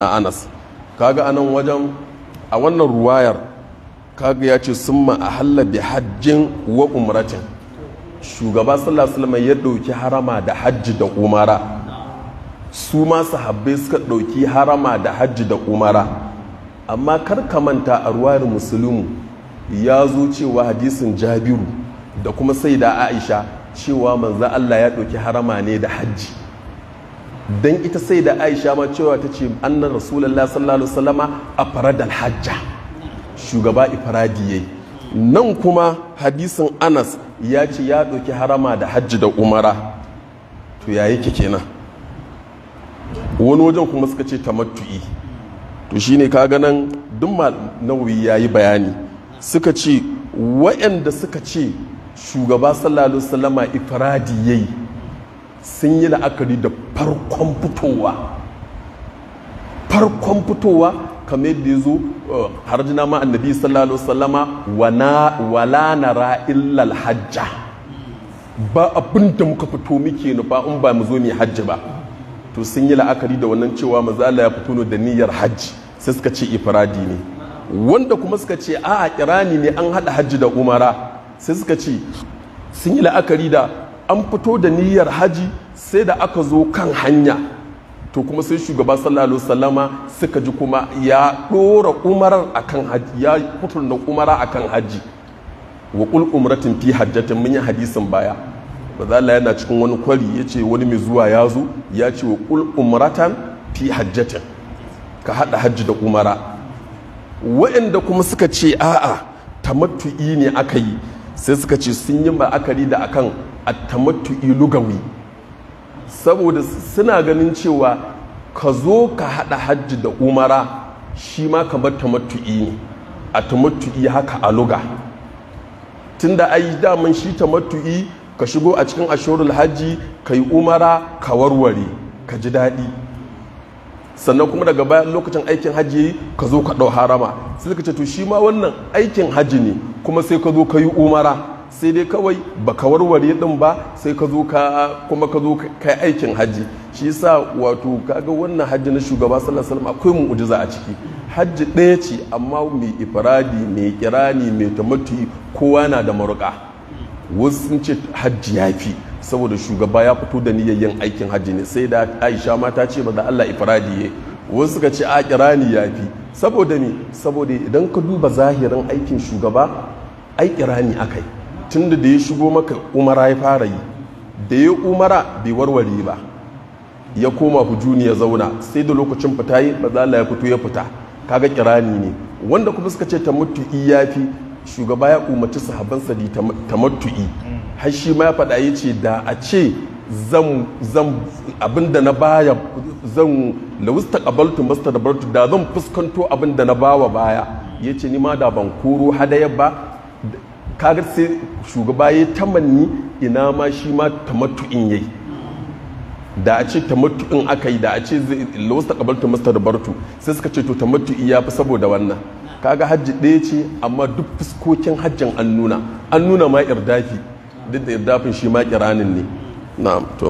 na anas kaga anan wajen a wannan ruwayar kaga ya ce sun ma a halla bi hajjin wa umratin shugaba sallallahu alaihi ya ɗauki harama da hajji da umara su ma sahabbai suka ɗauki harama da hajji da umara amma kar ka manta a ruwayar musulmi ya zo cewa hadisin jabiru da kuma sai da aisha cewa manzo Allah ya ɗauki harama ne da hajji Don ita sai da aisha ma cewa ta ce annan rasulallah sallallahu alaihi wasallama a faradal hajja shugaba ifaradi yayi nan kuma hadisin anas ya ce ya ɗauki harama da hajji da umara to ya kike kenan wani wajen kuma suka ce ta matu'i to shine kaga nan duk nawawi ya yi bayani suka ce wa'anda suka ce shugaba sallallahu alaihi wasallama ifradi yayi sun yi la'akari da farkon fitowa farkon fitowa kamar yadda ya zo uh, har jina ma annabi sallallahu alaihi wasallama wala nara illal hajja ba abin da muka fito muke nufa in ba mu zo mu hajji ba to sun yi la'akari da wannan cewa maza Allah ya fito da niyyar hajji sai suka ce ifradi ne wanda kuma suka ce a kirani ne an hada hajji da umara sai suka ce sun yi la'akari da an fito da niyyar haji sai da aka zo kan hanya to kuma sai shugaba sallallahu alaihi wasallama suka ji kuma ya dora umarar akan haji ya da umara akan haji wa qul umratin fi hajjatin mun yi hadisin baya bazala yana cikin wani kwari yace wani mai zuwa ya zo ya ce wa qul umratan fi hajjatin ka hada hajji da umara wa'anda kuma suka ce a'a tamattu'i ne aka yi sai suka ce sun yi ma'akari da akan attamattu'i lugawi saboda suna ganin cewa ka zo ka hada hajji da umara shi ma bar tamattu'i ne a tamattu'i haka a luga tunda ai daman shi tamattu'i ka shigo a cikin ashurul hajji ka yi umara ka warware ka ji daɗi sannan kuma daga bayan lokacin aikin hajji ka zo ka ɗau harama sai ka ce to shi ma wannan aikin hajji ne kuma sai ka zo ka yi umara sai dai kawai ba ka warware din ba sai ka zo ka kuma ka zo kai aikin hajji shi sa wato kaga wannan hajji na shugaba sallallahu alaihi wasallam akwai mu'jiza a ciki hajji ɗaya ce amma mai ifradi mai kirani mai tamati kowa na da maruka wasu ce hajji ya fi saboda shugaba ya fito da niyyar yin aikin hajji ne sai da Aisha ma ta ce ba da Allah ifradi ya wasu suka ce a kirani ya fi. saboda ne saboda idan ka duba zahirin aikin shugaba ai kirani akai tunda da ya shigo maka umara ya fara yi da ya umara bai warware ba ya koma hujuni ya zauna sai da lokacin fita yi ba za ya fito ya fita kaga kirani ne wanda kuma suka ce ta tamattu'i ya fi shugaba ya umarci sahabansa di tamattu'i har shi ma ya faɗa ya ce da a ce zan abinda na baya zan lawusta kabaltu masta da zan fuskanto abinda na bawa baya yace ni ma da ban koro hadaya ba kaga sai shugaba ya tamanni ina ma shi ma tamattu'in yayi da a ce tamattu'in aka yi da a ce lawasta kabaltu bartu sai suka ce to tamattu'i ya fi saboda wannan kaga hajji ɗaya ce amma duk fuskokin hajjin an nuna an nuna ma irdafi duk da irdafin shi ma kiranin ne na'am to